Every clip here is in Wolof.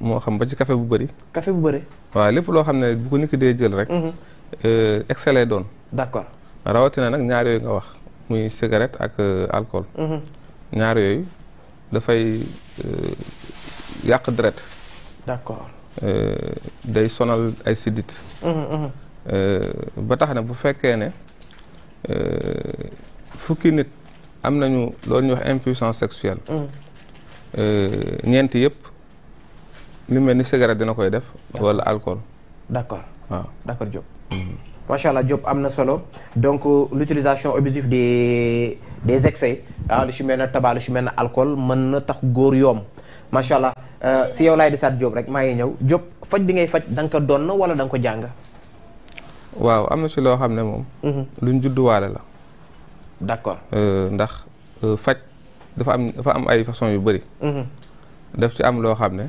moo xam ba ci café bu bëri. café bu bëri. waaw lépp loo xam ne bu ko nit ki dee jël rek. excès lay doon. d'accord rawatina nag ñaar yooyu nga wax muy cigarette ak alcool. ñaar yooyu dafay yàq deret. d'accord day sonal ay sidit. ba tax na bu fekkee ne fukki nit am nañu loolu ñuy wax impuissance sexuelle. ñeenti yëpp. li mel ni cigarette dina koy def. wala alcool. D'accord. d'accord, waaw d' job, Diop. Mhm. Diop solo donc euh, l'utilisation abusive des des excès ah lu ci mel tabac lu ci alcool mën na tax gor yom. Machallah euh, si yow laay desaat Diop rek maa ngi Job, Diop faj bi ngay fajj dang ko don wala dang ko jang. waaw amna ci lo xamne mom. Mhm. Luñ judd walé la. D'accord. Euh ndax euh, fajj dafa am dafa am ay façon yu Hmm. daf ci am lo xamne.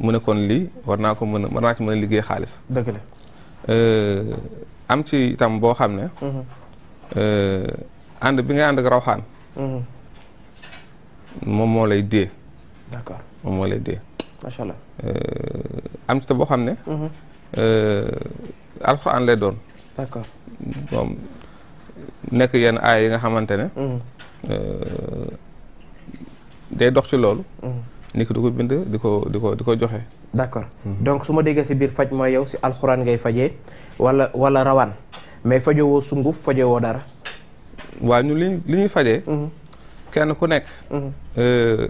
mu ne kon lii war naa ko mën a war naa ci mën a liggéey xaalis. dëgg euh, am ci itam boo xam ne. Mhm. Euh, ànd bi ngay ànd ak rawxaan. Mhm. moom moo lay dee. moom moo lay dee. Euh, am ci ta boo xam ne. Mhm. alxuraan lay doon. nekk yenn aay yi nga xamante day dox ci loolu. nit ki di ko bind di ko di ko di ko joxe. d'accord mhm. donc su ma déggee si biir faj mooy yow si alxuraan ngay faje wala wala rawaan mais fajowoo sunguf faje woo dara. waaw li li ñuy fajee. Mhm. ku nekk. Mhm. Euh,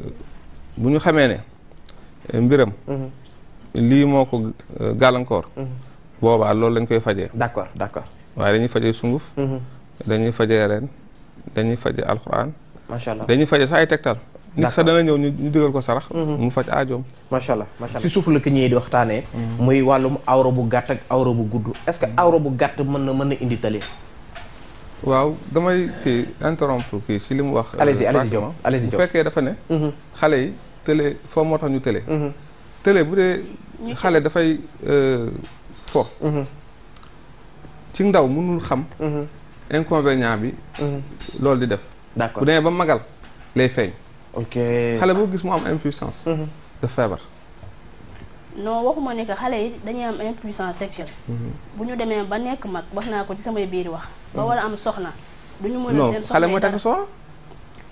ñu xamee ne euh, mbiram. lii moo ko euh, gàllankoor. boobaa loolu lañ koy fajee. d'accord d'accord. waaye dañuy fajee sunguf. dañuy fajee ren dañuy fajee alxuraan. dañuy faje sax ay tegtal. nit sa dana ñëw ñu diggal ko sarax mu faj aajoom macha allah macha allah si suuf la ki ñëwee di waxtane muy walum awro bu gàtt ak awro bu gudd est-ce que awro bu gàtt mën na mën na indi tali waaw damay ci interrompre ki ci limu wax allez-y allez-y Dioma allez-y bu fekkee dafa ne xale yi télé fo mo tax ñu télé télé bu dé xale da fay euh fo ci ndaw mënul xam inconvénient bi lool di def d'accord bu demee ba magal lay feeñ ok xale boo gis mu am impuissance. Mhm. de feebar. non waxuma ne que xale yi dañuy am impuissance sexuelle. Mhm. bu ñu demee ba nekk mag wax naa ko ci samay biir wax. ba war a am soxna. duñu mën a seen soxna non xale mooy takk soxna.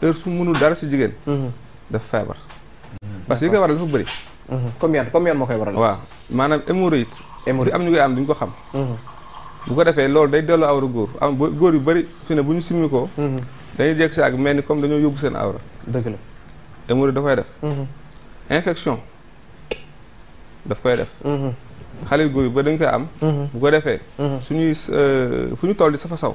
heure su mënul dara si jigéen. Mhm. daf feebar. Mhm. parce que li koy waral dafa bëri. Mhm. combien combien moo koy waral. waaw maanaam hémorroïde. hémorroïde am ñu koy am duñ ko xam. bu ko defee loolu day delloo awra góor am góor yu bëri fi ne bu ñu simmi ko. dañuy jekk si ak mel ni comme dañoo yóbbu seen awra. dëgg la hémorroïde da koy def. infection daf koy def. xale yu góor yu bëri dañ koy am. bu ko defee. suñuy euh, fu ñu toll di safa saw.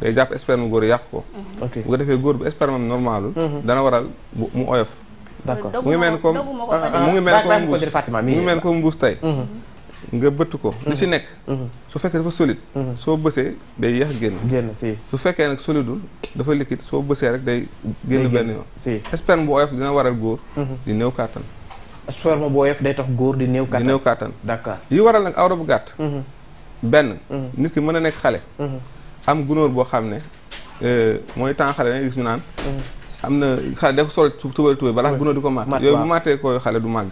day jàpp sperme góor yàq ko. bu ko defee góor bu sperme am mhm. dana waral mu oyof. d'accord mu ngi mel ni comme mu ngi mel ni mbuus tey. Mhm. nga bëtt ko. li ci mhm. nekk. su fekkee dafa solide. soo bësee day yéex génn. génn si su fekkee nag solidul dafa liquide soo bësee rek day. génn benn yoon si. sperme bu oyof dina waral góor. di néew kàttan. sperme bu oyof day tax góor di néew. kàttan di néew yi waral nag awra bu gàtt. benn. nit ki mën a nekk xale. am gunóor boo xam ne euh, mooy temps xale da ngay gis ñu naan. am na xale da ko sol tubal tubal balaa gunóor di ko màtt. yooyu bu màttee ko xale du màgg.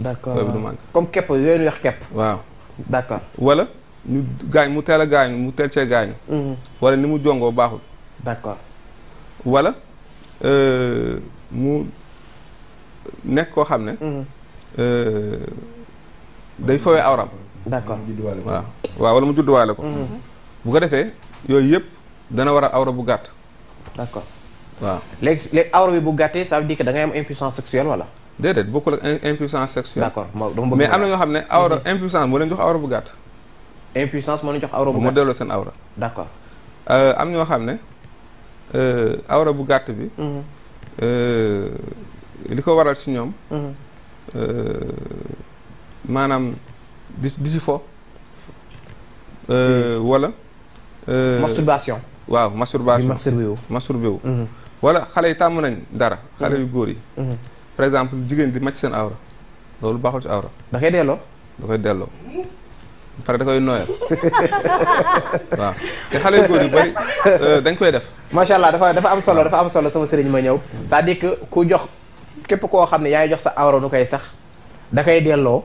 d'accord yooyu du màgg. comme kepp yooyu ñuy wax kepp. waaw d'accord wala ñu mu teel a gaañu mu teel cee gaañu. Mm-hmm. wala ni mu jongoo baaxul. d'accord wala euh, mu nekk koo xam ne. Mm-hmm. Euh, day fawee awram. d'accord waaw waaw wala mu judduwaale ko. Mm-hmm. bu ko defee. yooyu yëpp dana war a awra bu gàtt. d'accord waaw. léegi léegi awra bi bu gàttee ça veut dangay que da ngay am impuissance sexuelle wala. déedéet bokkul ak impuissance sexuelle. d'accord mais am na ñoo xam ne awra mhm. impuissance moo leen jox awra bu gàtt. impuissance moo leen jox awra bu gàtt moo delloo seen awra. d'accord euh, am ñoo xam ne euh, bu gàtt bi. Mhm. Euh, li ko waral si ñoom. Mhm. maanaam di di si fo. wala. Euh, masturbation. waaw masturbation di masturbé wu. masturbé wu. Mhm. wala xale yi tàmm nañ dara. xale mhm. yu góor yi. Mhm. par exemple jigéen di màcc seen awra loolu baaxul ci awra. da koy delloo. da koy delloo. pare te xale yu góor yu euh, dañ koy def. macha allah dafa dafa am solo dafa am solo sama sëriñ ma ñëw. saa à que ku jox képp koo xam ne yaa jox sa awra nu koy sax da koy delloo.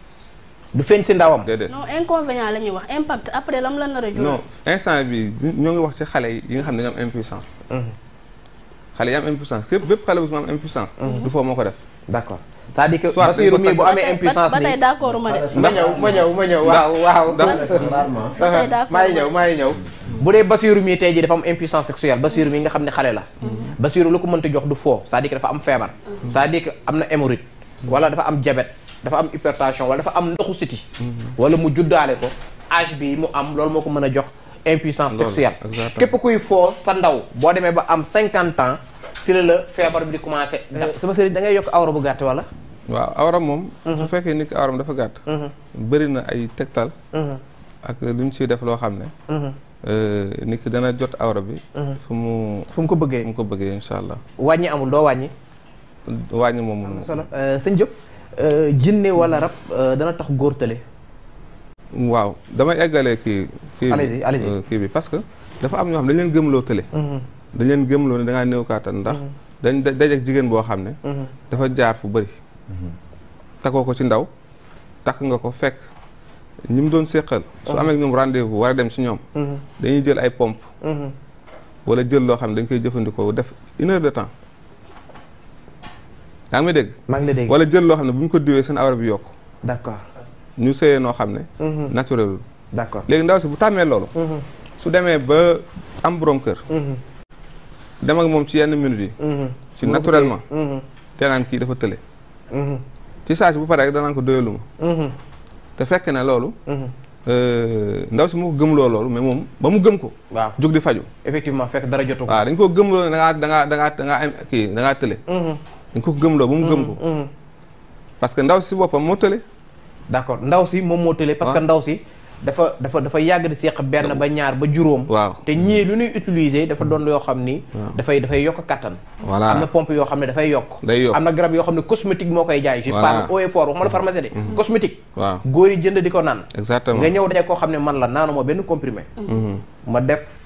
du feeñ si ndawam. déedéet non inconvénient la ñuy wax impact après lam la nar a jural. non instant bi ñoo ngi wax ci xale yi nga xam ne dañoo am impuissance. Mhm. xale yi am impuissance képp bépp xale bu ma mhm. ko def. d'accord c'est-à-dire que Bassirou mii amee impuissance nii ba tey d'accord ma de. ma ma ñëw ma ñëw waaw waaw. maa ngi ñëw maa ngi ñëw. dee Bassirou mii tey jii dafa am impuissance sexuelle Bassirou mii nga xam ne xale la. Mhm. Bassirou lu ko mënta jox du foo c'est-à-dire dafa am feebar. c'est-à-dire am na hémorroïde. wala dafa am jabet dafa am hypertension wala dafa am ndoxu siti wala mu juddaale ko âge bi mu am loolu moo ko mën a jox impuissance sexuelle képp kuy foo sa ndaw boo demee ba am cinquante ans si la la feebar bi di commencé eh, sama sëriñ da ngay yokk awra bu gàtt wala waaw awra moom mhm. su fekkee nit ki awram dafa gàtt mhm. bëri na ay tegtal mhm. ak lu ñu siy def loo xam ne eh, nit ki dana jot awra bi fu mu fu mu ko bëggee fu ko bëggee incha allah wàññi amul doo wàññi wàññi moom solo eh, sëñ Diop Euh, jinne wala rab euh, dana tax góor tële. waaw damay eggalee kii. kii bi euh, kii bi parce que dafa am ñoo xam dañ leen gëmloo tële. Mhm. dañ leen gëmloo ne da ngaa néew ndax. Mhm. dañ dajeeg jigéen boo xam ne. Mhm. dafa jaar fu bari takoo ko ci ndaw takk nga ko fekk ñi doon séqal. su amee ñoom rendez war a dem si ñoom. dañuy jël ay pompe wala jël loo xam ne dañ koy jëfandikoo def une de temps. yaa ngi may dégg maa ngi la dégg wala jël loo xam ne bu ñu ko diwee seen awra bi yokk d'accord ñu sëyee noo xam ne mhm. naturel léegi ndaw si bu tàmmee loolu mhm. su demee ba am boroom kër mhm. dem ak moom ci yenn minutes yi ci naturellement te naan kii dafa tële ci saa si bu paree rek ko doyalu ma te fekk ne loolu euh, ndaw si moo ko gëmloo loolu mais moom ba mu gëm ko waaw jóg di faju effectivement fekk dara jotu dañ koo gëmloo ne dangaa dangaa dangaa am kii dangaa tële dañ ko loo ba mu gëm ko mm, mm. parce que ndaw si boppam moo tële d' accord ndaw si moom moo tële parce que ah. ndaw si dafa dafa dafa yàgg di seq benn ba ñaar ba juróom waaw te ñii lu ñuy utiliser dafa doon yoo xam ni dafay dafay yokk kattan voilà am na pompe yoo xam ne dafay yokk day yokk am na garab yoo xam ne cosmétique moo koy jaay je parle haut et fort waxuma la pharmacie de mm-hmm. cosmétique waaw góor yi jënd di ko naan nga ñëw daje koo xam ne man la moo benn comprimé mm-hmm. ma def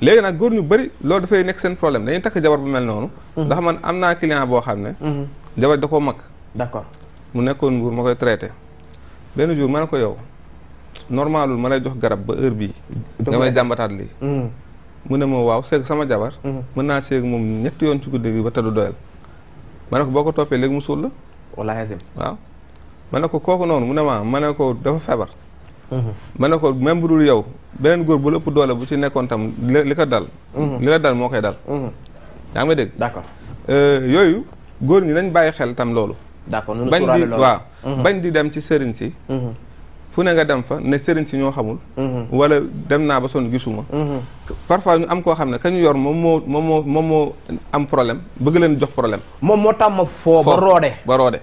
léegi nag góor ñu bëri loolu dafay nekk seen problème dañuy takk jabar bu mel noonu mhm. ndax man am naa client boo xam ne mhm. jabar da koo mag d'accord mu nekkoon mbuur ma koy traité benn jour ma ne ko yow normalul ma lay jox garab ba heure bii nga may jàmbataat lii mhm. mu ne ma waaw seeg sama jabar mën naa seeg moom ñetti yoon ci guddi gi ba tëdd doyal ma ne ko boo ko toppee léegi mu suul la wallaahi azim waaw ma ne ko kooku noonu mu ne ma ma ne ko dafa feebar ma ne ko même bu yow beneen góor bu la ëpp doole bu ci nekkoon tam li ko dal. Mhm. li la dal moo koy dal. Mhm. yaa ngi may dégg. d'accord euh, yooyu góor ñi nañ bàyyi xel tam loolu. d'accord bañ di waaw mhm. bañ di dem ci sëriñ si. fu ne nga dem fa ne sëriñ si ñoo xamul. wala dem naa ba son gisuma. parfois ñu am koo xam ne ka ñu yor moom moo moom moo moom moo am problème bëgg leen jox problème. moom moo tàmm foo ba roode ba roode.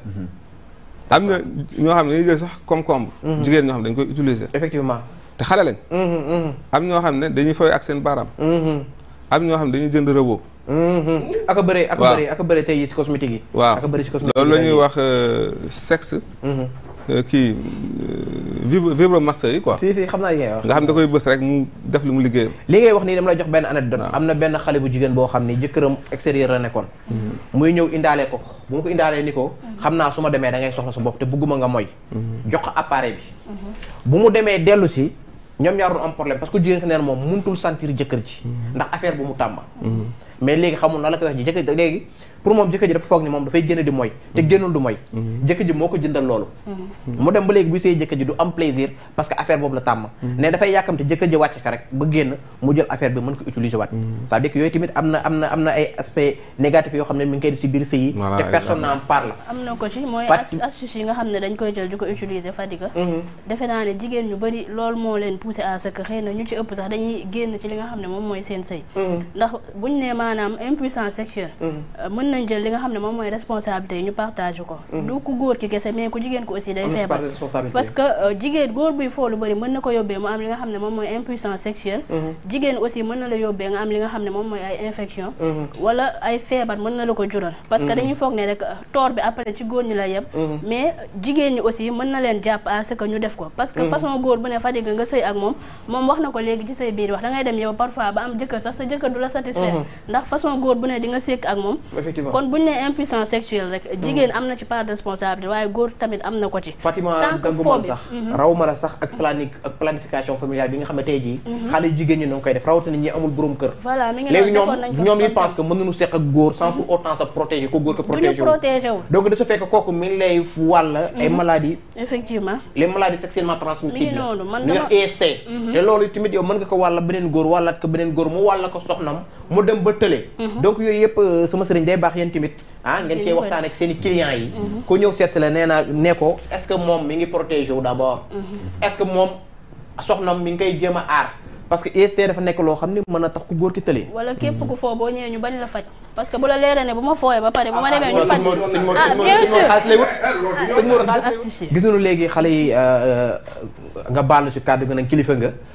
am na ñoo xam ne dañuy jël sax concombre. jigéen ñoo xam ne dañ koy utiliser. effectivement. te xale lañ. Mm-hmm, mm-hmm. am ñoo xam ne dañuy fooy ak seen baaraam. Mm-hmm. am ñoo xam ne dañuy jënd rëboo. ak a bëre ak a bëre ak a bëre tey si cosmétique yi. waaw ak a bëre si cosmétique loolu la ñuy wax euh, sexe. Euh, kii euh, vibro vibromasseur yi quoi. si si xam naa li ngay wax. nga xam da koy bës rek mu def lu mu liggéeyam. li ngay wax nii dama lay jox benn anecdote. am na benn xale bu jigéen boo xam ni jëkkëram extérieur la nekkoon. muy ñëw indaale ko bu ma ko indaalee ni ko. xam naa su ma demee da ngay soxla sa bopp te bëgguma nga mooy. jox ko appareil bi. bu mu demee dellu si. ñoom ñaar doon am problème parce que jigéen ki neen moom mënutul sentir jëkkër ji mm-hmm. ndax affaire bu mu tàmba mm-hmm. mais léegi xamul na la koy wax ji léegi pour moom jëkkër dafa foog ni moom dafay génn di mooy te mm-hmm. génnul du mooy mm-hmm. jëkkër moo ko jëndal loolu mm-hmm. mu dem ba léegi bu sey jëkkër du am plaisir parce que affaire boobu la tàmm ne dafay yàkkamte jëkkër wàcc xam ne dañ koy jël di ko utiliser fadiga defe naa ne jigéen ñu bëri loolu moo leen poussé à xëy na ñu ci ëpp sax dañuy génn ci li nga xam ne moom mooy seen sëy ndax buñ ne maanaam impuissance sexuelle nañ jël li nga xamné mom moy responsabilité ñu partage ko mhm. du ku góor ki kese mais ku jigen ko aussi day fébar parce que euh, jigen góor buy foo lu bëri mën nako yobé yóbbee mu am li nga xamné mom moy impuissance sexuelle mhm. jigen aussi mën na la yóbbee nga am li nga xamné mom moy ay infection mhm. wala ay feebar mën na la ko jural parce que dañuy foog ne rek euh, tor bi après ci góor ñu la yem mais jigen ñi aussi mën na leen jàpp à ce que ñu def ko parce que façon góor bu ne fadiga nga sey ak mom mom wax nako légui ci sey biir wax da ngay dem yow parfois ba am jëkkër sax sa jëkkër du la satisfaire ndax façon góor bu né di nga sék ak moom kon bu ñu nee impuissance sexuelle rek. Hmm. jigéen am na ci part de responsabilité waaye góor tamit am na ko ci. Fatima daggumal sax mhm. raw ma la sax ak planique ak planification familiale bi nga xam ne tey jii. Mhm. xale jigéen ñi ñoo koy def rawatina ñi amul borom kër. voilà mi que mën nañu seq ak góor sans mhm. pour autant sa protéger ko góor ko noonu man dama e te loolu tamit yow mën nga ko wàll beneen góor wàllaat ko beneen góor mu wàll ko soxnam mu dem ba tële. Mhm. donc yooyu yëpp euh, sama sëriñ day baax yéen tamit ah ngeen see waxtaan ak seen i clients yi. Mhm. ku ñëw seet si la nee naa ne ko est ce que moom mi ngi protégé wu d' abord. Mhm. est ce que moom soxna mi ngi koy jéem a aar. parce que IST dafa nekk loo xam ne mën a tax ku góor ki tëlee. wala képp ku foo boo ñëwee ñu bañ la faj. parce que bu la leeree ne bu ma fooyee ba pare bu ma ah, ah, demee ñu faj. ah, ah bien sûr sëñ Mor xaalis lay wut. gis nañu léegi xale yi euh, euh, nga baal si kàddu gi nag kilifa nga.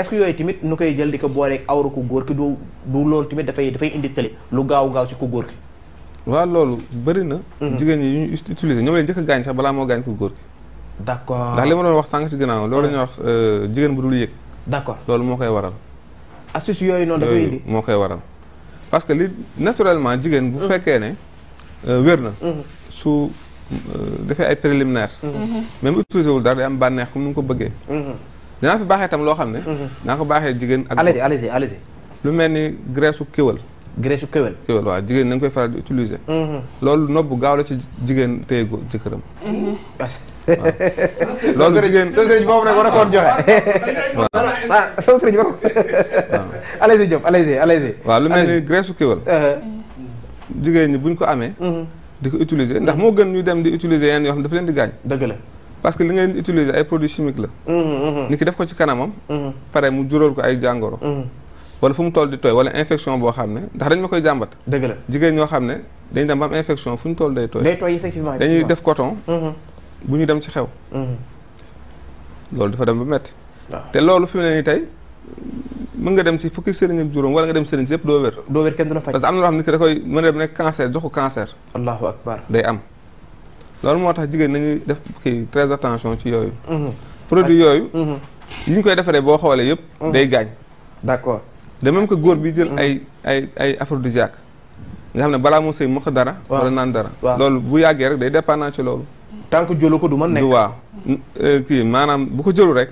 est-ce que yooyu tamit nu koy jël di ko booleeg awra ku góor ki du loolu tamit dafay dafay indi tële lu gaaw gaaw ci ku góor ki. waaw loolu bëri na. Mhm. jigéen ñi yu ñu utiliser ñoom la njëkk a gaañ sax balaa moo gaañ ku góor ki. d'accord ndax li ma doon wax sànq si ginnaaw loolu la ñuy mhm. wax euh, jigéen bu dul yëg. d'accord loolu moo koy waral. astuce yooyu noonu da koy indi moo koy waral. parce que li naturellement jigéen bu mhm. fekkee ne euh, wér na. su euh, defee ay préliminaire même utiliser wul dara day am bànneex comme ni nga ko bëggee. dinaa fi baaxee tam loo xam ne. Mhm. naa ko baaxee jigéen ak. allez allez lu mel ni graisse kéwal. graisse kéwal. kéwal waaw jigéen nañ koy faral di utiliser. Mhm. loolu nopp gaaw la ci jigéen téye ko jëkkëram. waaw mhm. loolu jigéen soo sëriñ boobu nag war a koon joxe. waaw lu mel ni graisse kéwal. Uh-huh. jigéen ñi buñ ko amee. di ko utiliser ndax moo gën ñu dem di utiliser yenn yoo xam ne dafa leen di gaañ. dëgg parce que li ngeen utiliser ay produits chimiques la. Mm-hmm. nit ki def ko ci kanamam. Mm-hmm. paré mu jural ko ay jàngoro. Mm-hmm. wala fu mu toll di toy wala infection bo xamné ndax dañ ma koy jàmbat. dëgg la jigéen ño xamné dañ dem bam infection fu toll day toy day toy effectivement dañuy def coton. bu ñu dem ci xew. loolu dafa dem ba metti té loolu fi mu tay nii mën nga dem ci fukki sëriñ ak juróom wala nga dem sëriñ si yëpp doo wér. doo wér kenn du la faj parce que am na lo xam ne da koy mën a dem nekk cancer jox cancer. allahu akbar day am. loolu moo tax jigéen nañuy def kii très attention ci yooyu. Mhm. produit yooyu. yi mhm. ñu koy defaree boo xoolee yëpp. Mhm. day gaañ. d'accord de même que góor bi jël ay ay ay aphrodisiaque nga xam ne balaa moo sëy mu dara. walla naan dara. loolu bu yàggee rek day dépendant ci loolu. tant que jëlu ko du man nekk. waaw euh, kii maanaam bu ko jëlu rek.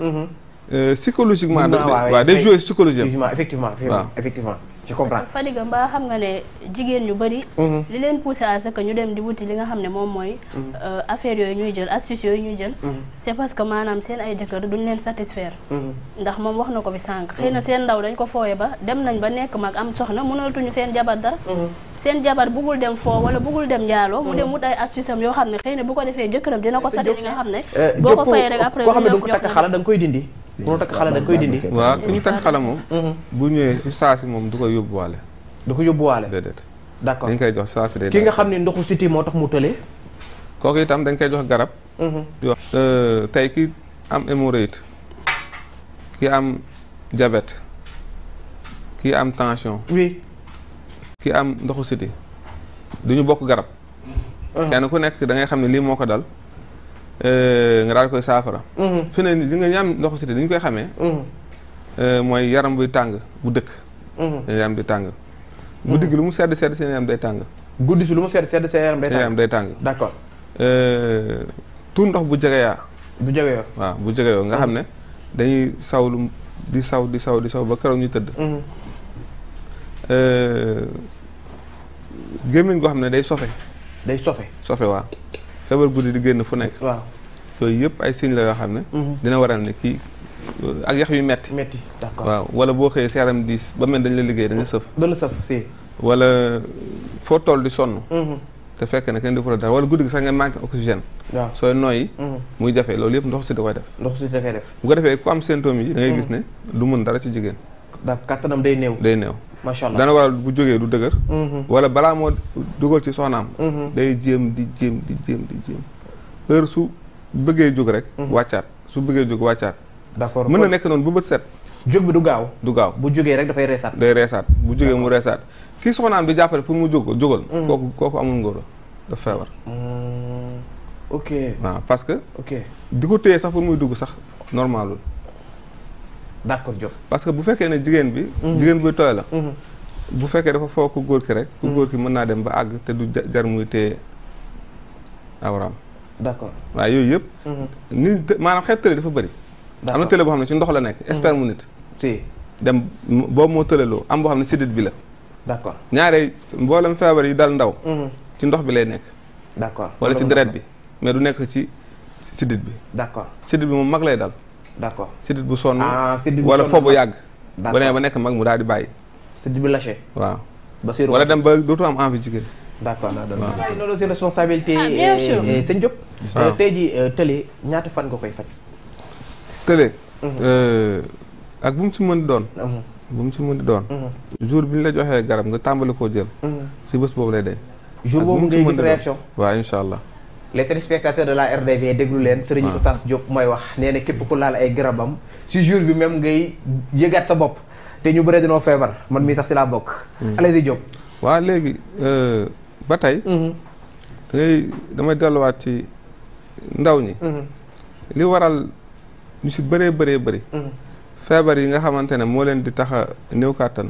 Euh, psychologiquement. waaw day jouer psychologiquement effectivement effectivement. je comprends Fadiga mbaa xam nga ne jigéen ñu bëri mhm. li leen poussé à ce ñu dem di wuti li nga xam ne moom mooy mhm. euh, affaire yooyu ñuy jël astuce yooyu ñuy jël mhm. c'est parce que maanaam seen ay jëkkër duñ leen satisfaire ndax moom wax na ko bi sànq xëy na seen ndaw dañ ko fooye ba dem nañ ba nekk mag am soxna mënatuñu seen jabar dara seen jabar bëggul dem foo wala bëggul dem njaaloo mu dem wut ay astuce am yoo xam ne xëy na bu ko defee jëkkëram dina ko satisfaire nga xam ne euh, boo ko fayee rek ko takk protoc xala dañ koy dindi waaw ku ñu takk xala moom mm-hmm. bu ñëwee ci saasi moom du ko yóbbuwaale du ko yóbbuwaale déedéet d'accord dañ koy jox saasi day ki nga xam ndoxu siti moo tax mu tëlee itam dañ koy jox garab mm-hmm. euh, ki am hémorroïde ki am diabète ki am tension oui ki am ndoxu siti duñu bokk garab mm-hmm. kenn ku nekk da ngay xam ne dal Euh, nga daal koy saafara. Mm-hmm. fi ne li nga ñaam ndoxu si ni ñu koy xamee. Mm-hmm. Euh, mooy yaram buy tàng bu dëkk. Mm-hmm. seen yaram di tàng. guddi digg lu mu sedd sedd seen yaram day tàng. guddi si lu mu sedd sedd seen yaram tàng seen yaram day euh, tuur ndox bu jegeyaa. bu jegeyoo waa bu jegeyoo nga xam ne dañuy lu di saw di saw di saw ba keroog ñu tëdd. gémmiñ goo xam ne day sofe. day sofe sofe waaw. feebar guddi di génn fu nekk. waaw yooyu yëpp ay signes la yoo xam ne. Mhm. dina waral ne kii ak yax yu metti metti d'accord waaw wala boo xëyee sa yaram diis ba mel dañ la liggéey dañ la sëf. dañ la sëf wala foo toll di sonn. Mhm. te fekk na kenn defu la dara wala guddi gi sax nga manqué oxygène. waaw sooy nooy mhm. muy jafe loolu yëpp ndox si da koy def. ndox si da koy def. bu ko defee ku am symptômes yi. da gis ne du mun dara ci jigéen. da kattanam day néew. day néew macha bu jógee du dëgër. Mm-hmm. wala balaa moo dugal ci soxnaam. Mm-hmm. day jéem di jéem di jéem di jéem heure su bëggee jóg rek. Mm-hmm. wàccaat su bëggee jóg wàccaat. d'accord mën na nekk noonu bu bët set. jóg bi du gaaw. du gaaw bu jógee rek dafay reesaat. day reesaat bu jógee mu reesaat kii soxnaam di jàppale pour mu jóg ko jógal. kooku kooku amul ngóor daf feebar. ok waaw parce que. ok di ko téye sax pour muy dugg sax normalul d'accord Diop parce que bu fekkee ne jigéen bi. Mhm. jigéen bi tooy la. Mhm. bu fekkee dafa foo ku góor ki rek. ku mhm. góor ki mën naa dem ba àgg te du jar muy téye awraam. d'accord waaye yooyu yëpp. ni maanaam xeet tële dafa bëri. am na tële boo xam ne ci ndox la nekk. expert mu nit. dem boobu moo tëleloo am boo xam ne sidit bi la. d'accord ñaare mboolem feebar yi dal ndaw. ci ndox bi lay nekk. d'accord wala ci deret bi mais du nekk ci sidit bi. d'accord sidit bi moom mag lay dal. d'accord c'est bu bousson. Ah, wala c'est du yàgg C'est mu C'est c'est C'est lâché C'est wala dem ba am envie d'accord waaw c'est responsabilité ah, et c'est C'est euh, euh, télé ñaata fan nga koy faj télé mhm. euh, ak C'est doon mhm. C'est doon mhm. jour la C'est nga C'est C'est jour réaction C'est Inch'Allah. les téléspectateurs de la RDV déglu leen sëriñ ah. Oustaz Diop mooy wax nee na képp ku laal ay garabam si jour bi même ngay yëgaat sa bopp te ñu bëre dañoo feebar man mi sax si laa bokk hmm. allez-y Diop waa léegi euh, ba tey dangay hmm. damay delluwaat ci ndaw ñi hmm. li waral ñu si bëree bëree bëri feebar yi nga xamante ne moo leen di tax a néew kàttan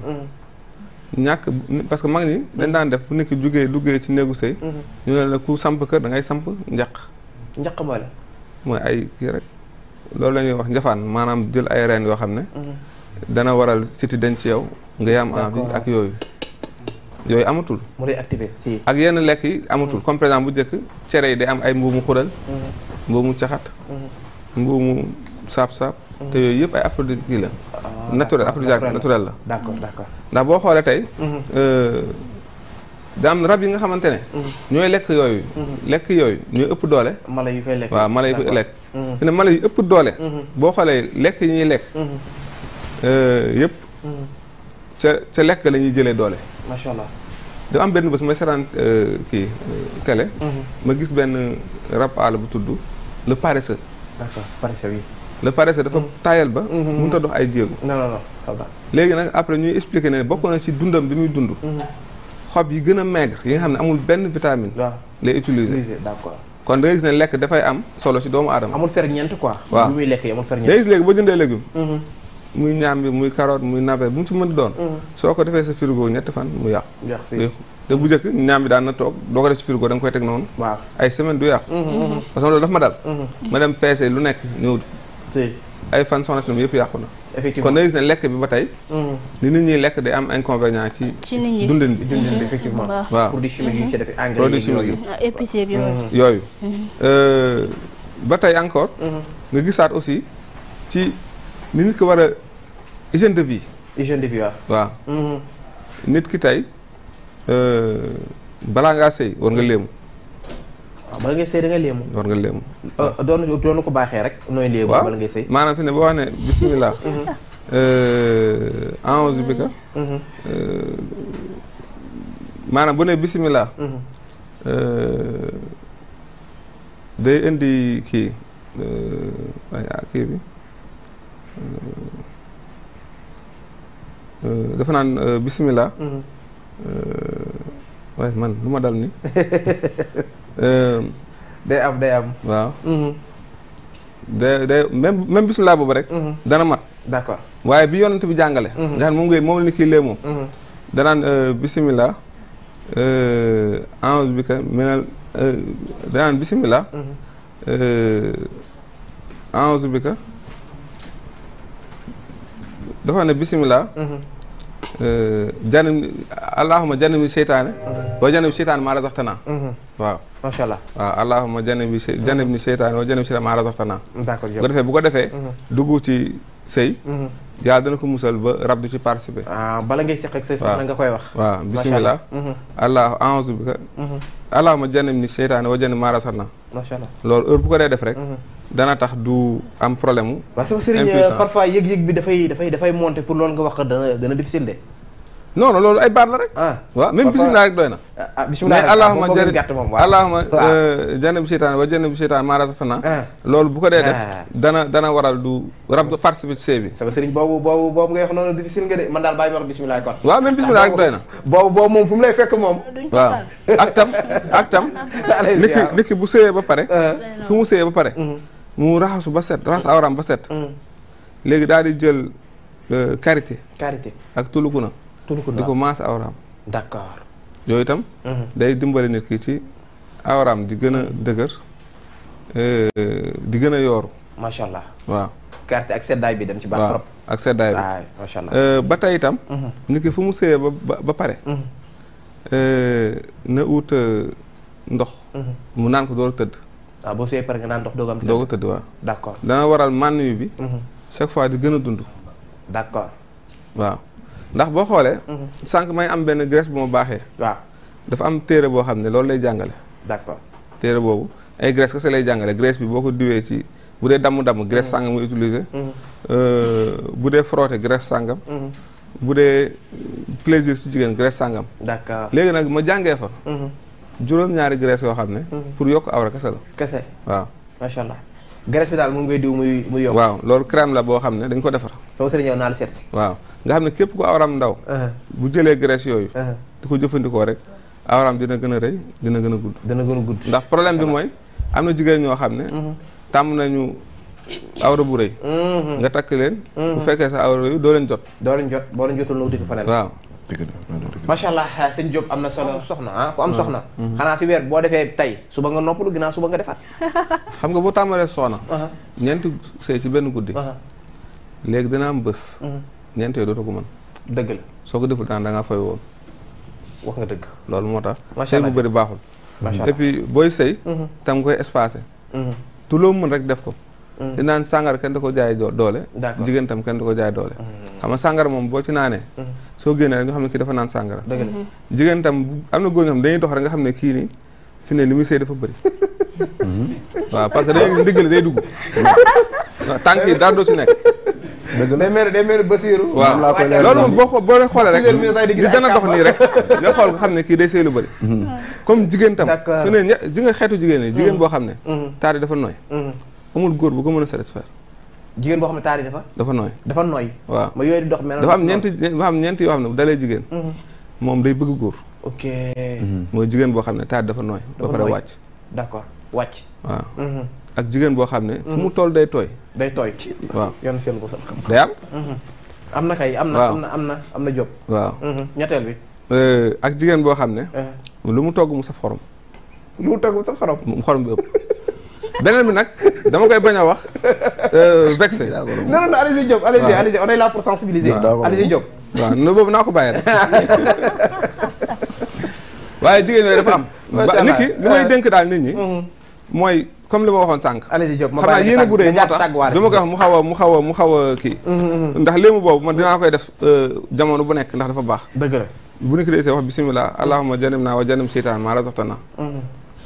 ñàkk parce que mag ñi dañ daan def bu nekk jugee duggee ci néegu sëy mhm. ñu ne la ku samp kër da ngay samp njaq njaq mooy mooy ay kii rek loolu lañuy wax njafaan maanaam jël ay reen yoo xam ne mhm. dana waral siti dañ ci yow nga yaam envie ak yooyu yooyu amatul mu lay ak yenn lekk yi amatul mhm. comme par exemple bu njëkk cere yi day am ay mbuumu xudal mbuumu caxat mbuumu saab-saab te yooyu yëpp ay aphrodisiaques la naturel aphrodisiaque naturel la. d' accord d' accord ndax boo xoolee tey. Mhm. Euh, da am rab yi nga xamante ne. Mhm. ñooy lekk yooyu. Mhm. lekk yooyu ñooy ëpp doole. mala yu koy lekk waaw mala yu koy lekk. fi ne mala yu ëpp doole. boo xoolee lekk yi ñuy lekk. Euh, yëpp. ca ca lekk lañuy jëlee doole. macha allah dafa am benn bés may saraan euh, kii télé. ma gis benn rab àll bu tudd le le paresse dafa mm-hmm. taayal ba. Mm-hmm. mënut a dox ay jéego. non non non léegi nag après ñuy expliqué ne bokk na ci dundam bi muy dund. Mm-hmm. xob yi gën a maigre yi nga xam ne amul benn vitamine. waaw lay utiliser d'accord. kon da ngay gis ne lekk dafay am solo ci doomu aadama. amul ferñeent quoi. waaw lu muy lekk amul ferñeent. da gis léegi boo jëndee légume. muy ñaam bi muy carotte muy navet bu mu ci mën doon. soo ko defee sa frigo ñetti fan mu yàqu. te bu jëkk ñaam bi daan na toog doo ko def ci frigo da nga koy teg noonu. waaw ay semaine du yàqu. parce ma dal. ma peese lu nekk ñëw. ay fan soxna si ñoom yëpp yàqu na. kon da gis ne lekk bi ba tey. Hmm. nit ñuy lekk day am inconvénient ci. ci nit ñi dundin bi dundin hmm. yooyu. Ah, hmm. Euh, ba tey encore. nga gisaat aussi ci ni nit ki war a hygiène de vie. hygiène de vie waaw. nit ki tey euh, balaa ngaa sëy war nga léemu. waaw bala ngay sëy da léemu war nga léemu euh, doonu ko baaxee rek nooy léemu bala ngay sëy maanaam fi ne boo wax ne bisimilah mhm. euh, a'uuzu mhm. euh, mhm. day indi kii ah, dafa naan bisimilah waaye man lu ma dal ni Euh, day am day am. waaw. Mm-hmm. day day même même bisimilah boobu rek. Mm-hmm. dana mat. waaye bi yonent bi jàngale. Mm-hmm. nga xam moom ngay moom la kii lee moom. danaan bisimilah. en bi ka dafa ne bisimilah. Euh, janib allahuma janib seytaane. wa janib seytaane maa razaqtanaa. waaw macha allah waaw allahuma janib bi janib ni seytaane wa janib si la maa razaqtana bu ko defee bu ko defee mhm. dugg ci sëy mhm. yàlla dana ko musal ba rab du ci participer ah, bala ngay seq ak sa soxna nga koy wax waaw bismillah mhm. allah a'uuzu bika allahuma janib ni seytaane wa janib maa razaqtana macha allah loolu heure bu ko dee def rek dana tax du am problème mu waaw sëriñ parfois yëg-yëg bi dafay dafay dafay monter pour loolu nga wax dana dana difficile de non loolu ay baat la rek. Ah. waa même bisimilah rek doy na. ah bisimilah mais allahuma jëri allahuma jannib seytaan wa jannib seytaan maa razaqtanaa ah. loolu bu ko dee def ah. dana dana waral du rab participe see bi sama sëriñ boobu boobu boobu ngay wax noonu difficile nga de man daal bàyyi ma wax bisimilah kon waaw même bisimilah na boobu boobu moom fu mu lay fekk moom ak tam ak tam nit ki bu sëyee ba pare su mu sëyee ba pare mm-hmm. mu raxasu ba set raxas awram ba set mm. léegi daal di jël euh, karité karité ak na di ko maas awraam. d'accord. yooyu itam. Mhm. day dimbali nit ki ci awraam di gën a dëgër e, di gën a yooru. macha allah waaw. ak seddaay bi dem ci baax trop. E, ba tey itam. Mhm. nit ki fu mu seeyee ba ba pare. Mhm. E, na ut ndox. mu naan ko door tëdd. waaw ah, boo seeyee tëdd waaw. d'accord waral mànn yu bi. chaque fois di gën a dund. d'accord ndax boo xoolee. Mhm. sànq may am benn graisse bu ma baaxee. waaw dafa am téere boo xam ne loolu lay jàngale. d'accord téere boobu ay graisse kese lay jàngale graisse bi boo ko diwee ci bu dee damm-damm graisse mhm. sàngam nga utiliser. Mhm. Euh, bu dee frotté graisse sangam bu dee plaisir ci jigéen graisse sangam d'accord léegi nag ma jàngee fa. juróom-ñaari graisse yoo xam ne. pour yokk awra kese la. kese waaw macha allah graisse bi daal moom ngay diw muy muy yokk. waaw loolu crème la boo xam ne dañ ko defar. soo sëriñ ñëw naa la seet si waaw nga xam ne képp ku awram ndaw uh-huh. bu jëlee graisse yooyu uh-huh. di ko jëfandikoo rek awram dina gën a rëy dina gën a gudd dina gën a gudd ndax problème bi mooy am na jigéen ñoo xam ne uh-huh. tàmm nañu awra bu rëy nga takk leen bu fekkee sa awra yooyu doo leen jot doo leen jot boo leen jotul na wuti ko faneen waaw macha allah sëñ jot am na solo soxna ah ku am soxna xanaa si weer boo defee tey suba nga nopp noppalu ginnaaw suba nga defaat xam nga boo tàmbalee soxna ñeenti sëy si benn guddi léegi dina am bés. Mhm. ñeent yooyu dootoo ko mën. dëgg soo ko deful daan da ngaa fay woon. wax nga dëgg. loolu moo tax. sëy bu bëri baaxul. macha allah et puis booy sëy. Mhm. tam koy espacé. Mhm. tu loo mën rek def ko. di naan sàngar kenn du ko jaay doole. jigéen tam kenn du ko jaay doole. xam nga sàngar moom boo ci naanee. soo génnee rek nga xam ne kii dafa naan sàngara. dëgg la jigéen tam am na góor ñoo xam dañuy dox rek nga xam ne kii nii fi ne li muy sëy dafa bëri. waaw parce que dañuy ndigg la day dugg. tànk yi daal doo ci nekk. dëgg la day day mel Basiiru. waaw loolu moom boo xoo boo leen xoolee rek. di gën a dox nii rek. nga xool xam ne kii day sëy lu bëri. Hmm. comme jigéen tam. su ne ji xeetu jigéen ñi. jigéen hmm. boo xam ne. Hmm. taar yi dafa nooy. amul góor bu ko mën a satisfaire. jigéen boo xam ne taar dafa. dafa nooy dafa nooy. waaw ma yooyu di dox am ñeenti dafa am ñeenti yoo xam ne dalee jigéen. moom day bëgg góor. ok. mooy jigéen boo xam ne taar dafa nooy. dafa nooy ba pare wàcc. d'accord wàcc. waaw ak jigéen boo xam ne. fu mu toll day tooy day tooy. waaw yoon seen ko sax xam am. Mm-hmm. am na kay am na am na am na am na jóg. waaw mm-hmm. ñetteel bi. Eh, ak jigéen boo xam ne. Eh. lu mu togg mu saf xorom. lu mu togg mu saf xorom. mu xorom bi ëpp. beneen bi nag dama koy bañ wax. Eh, vexé. non non allez-y Diop allez-y allez-y on est là pour sensibiliser. waaw allez-y waaw no boobu naa ko bàyyi rek. waaye jigéen yooyu dafa am. nit ki li may euh. dénk daal nit ñi. Mm-hmm. mooy. comme li ma waxoon sànq. Aladji Diop ma bàyyi la xam naa yéen a bu dee moo tax dama koy wax mu xaw a mu xaw a mu xaw a kii. Mm-hmm, mm-hmm. ndax léemu boobu man dinaa koy def euh, jamono bu nekk ndax dafa baax. dëgg la bu ñu ko dese wax bisimilah allahumma janim naa wa janim seytaan maa razaqtana. Mm-hmm.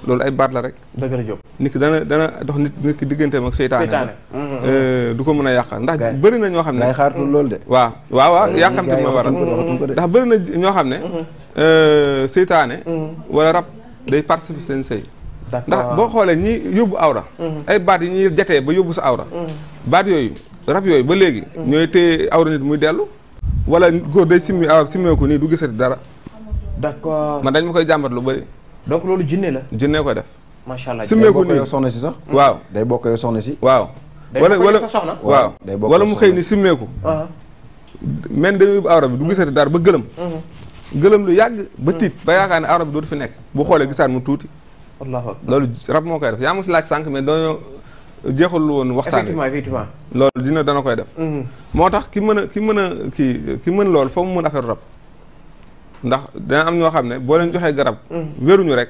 loolu ay baat la rek. dëgg la ki dana dana dox nit nit ki digganteem ak seytaane. seytaane euh, du ko mën a yàqal ndax bëri na ñoo xam ne. day xaartul loolu de. waaw waaw waaw yàqamti ma waral ndax bëri na ñoo xam ne euh, seytaane wala rab day participer seen sëy ndax boo xoolee ñi yóbbu awra mhm. ay baat yi ñuy jatee ba yóbbu sa awra mhm. baat yooyu rab yooyu ba léegi mhm. ñooy téye awra nit muy dellu wala góor day simmi awra simmee nii du gisati dara d'accord man dañ ma koy jàmbat lu bëri donc loolu jinne la jinne koy def macha allah simmee ko nii sax waaw day bokk soxna si waaw wala wala soxna waaw wala mu xëy ni simmeeku men dañuy yóbbu awra bi du gisati dara ba gëlëm gëlëm lu yàgg ba tiit ba yaakaar ne awra bi dootu fi nekk bu xoolee gisaat mu tuuti الله اكبر لولو رب موكاي داف يا موس لاج سانك مي دونو جيخول وون وقتاني افيتيفمان افيتيفمان لول دينا دانا كوي داف موتاخ كي مانا كي مانا كي كي مان لول فوم مون رب نداخ دا ام ньо خامني بو لين جوخاي غراب ويرو ньо ريك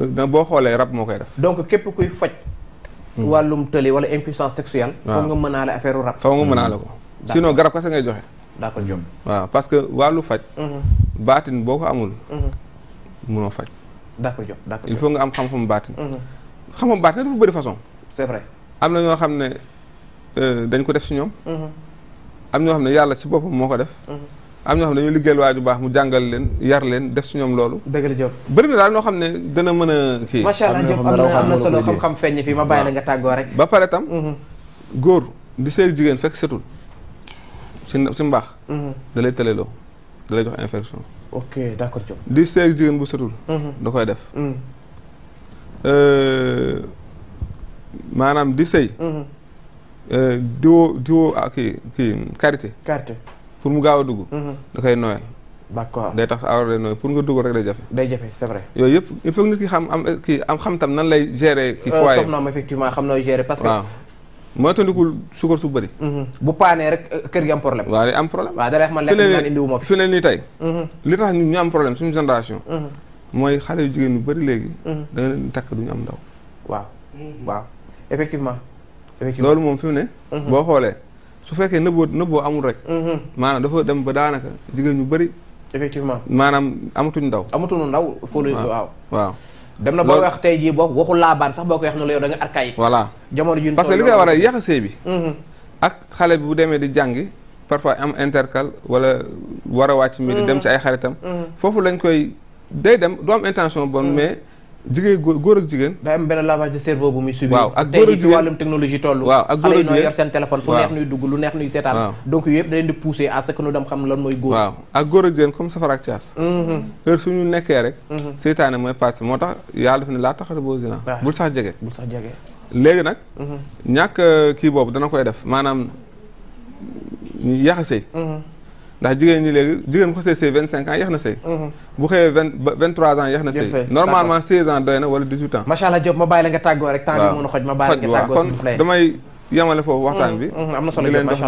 دا بو رب موكاي داف دونك كيب كوي فاج والوم تلي ولا امبيسانس سيكسوال فوم nga مانا لا افيرو رب فوم nga مانا لاكو سينو غراب كاسا ngay جوخاي داكو جوم واه باسكو والو فاج باتين بوكو امول منو d'accord Diop d'accord il faut nga am xam-xamu baatin. Mhm. xam-xamu baatin dafa bëri façon. c'est vrai am na ñoo xam ne euh, dañ ko def si ñoom. Mhm. am ñoo xam ne yàlla si boppam moo ko def. Mhm. am ñoo xam ne dañu liggéeyal waa ju baax mu jàngal leen yar leen def si ñoom loolu. dëgg la bëri na daal noo xam ne dana mën a. kii macha allah Diop am na am na solo xam-xam feeñ fi ma bàyyi la nga tàggoo rek. ba pare tam. góor di seeg jigéen fekk setul si si mbaax. da lay tëleloo da lay jox infection. ok d'accord Diop. di seeg jigéen bu setul. Mhm. da koy def. Mhm. Euh, maanaam di sëy mhm. euh, diwoo diwoo ak ah, kii kii karité. karité pour mu gaaw a dugg. da koy noyal. d'accord day tax sa awra day nooy pour nga dugg rek day jafe. day yooyu yëpp il faut nit ki xam am kii am xam tam nan lay gérer. kii euh, foyer soxnaam effectivement xam nooy gérer parce que. mooy tandikul sukar su bëri mhm. bu paanee rek euh, kër gi am problème waaw day ma fi fi ne nii tey mhm. li tax ñu am problème suñu génération mhm. mooy xale yu jigéen ñu bëri léegi da nga leen takk duñu am ndaw waaw waaw effectivement loolu moom fi ne boo xoolee su fekkee nëbboo nëbboo amul rek maanaam dafa dem ba daanaka jigéen ñu bëri effectivement maanaam amatuñ ndaw amatuñu ndaw fóolu waaw waaw dem na boo wax tey jii boo waxul laabaan sax boo ko wax ne la yow da nga archaïque voilà jamono ji parce que li nga war a yàq sëy bi mhm. ak xale bu demee di jàngi parfois am intercal wala war a wàcc mi di mhm. dem ci ay xaritam mhm. foofu lañ koy day dem du am intention bon mais jigéen góor ak jigéen. day am benn lavage de cerveau bu muy. subir waaw ak góor ak jigéen tey wàllum technologie toll. waaw ak góor ak jigéen xale yi ñoo neex nuy dugg lu neex nuy seetaan. donc yooyu yëpp da leen que ñu dem xam lan mooy góor. waaw ak góor ak jigéen comme safara ak caas. Mm-hmm. su ñu nekkee rek. Mm-hmm. seytaane mooy passé moo tax yàlla def ne laa taxatu boo zina. bul sax jege bul sax jege. léegi nag. Mm-hmm. ñàkk euh, kii boobu dana koy def maanaam yàq ndax jigéen ñi léegi jigéen bu xasee sëy vingt cinq ans yeex na sëy mhm. bu xëyee vingt vingt trois ans yeex na sëy normalement seize ans doy na wala ma bàyyi la nga tàggoo rek temps bi a mhm, mhm, am na solo di leen dox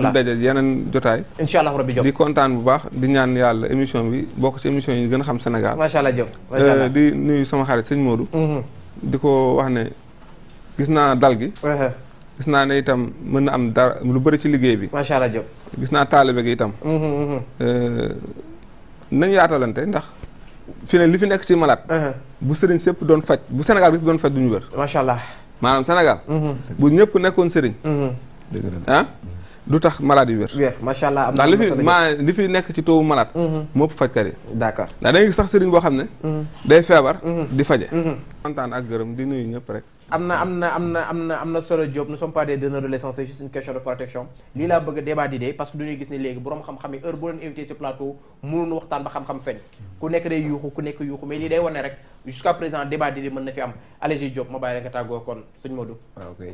yeneen jotaay incha allah rabbi Diop di kontaan bu baax di ñaan yàlla émission bi bokk ci émission yi gën a xam Sénégal macha allah Diop euh, di nuyu sama xarit sëñ Modou di ko wax ne gis naa dal gi uh-huh. gis naa ne itam mën na am dara lu bëri ci liggéey bi macha allah gis naa taalibe gi itam. Mhm, mhm. euh, nañ yaatalante ndax. fi ne li fi nekk ci malade. Mhm. bu sëriñ sëpp doon faj bu Sénégal gi doon faj duñu wër. macha allah maanaam Sénégal. bu ñëpp nekkoon sëriñ. dëgg ah? du tax malade yu wér. macha allah ndax li fi maa li fi nekk ci toobu malade. moo ëpp fajkat yi. d'accord ndax da ngay sax sëriñ boo xam ne. day feebar. di faje kontaan ak gërëm di nuyu ñëpp rek. am na am na am na am na am solo Diop nous sommes pas des donneurs de l'essence c'est juste une question de protection lii laa bëgg a débat d'idées parce que du ñuy gis ne léegi boroom xam-xam yi heure boo leen invité ci plateau mënuñu waxtaan ba xam-xam feeñ ku nekk day yuuxu ku nekk yuuxu mais lii day wane rek jusqu'à présent débat d'idées mën na fi am allez Diop ma bàyyi nga tàggoo kon sëñ Modou ah,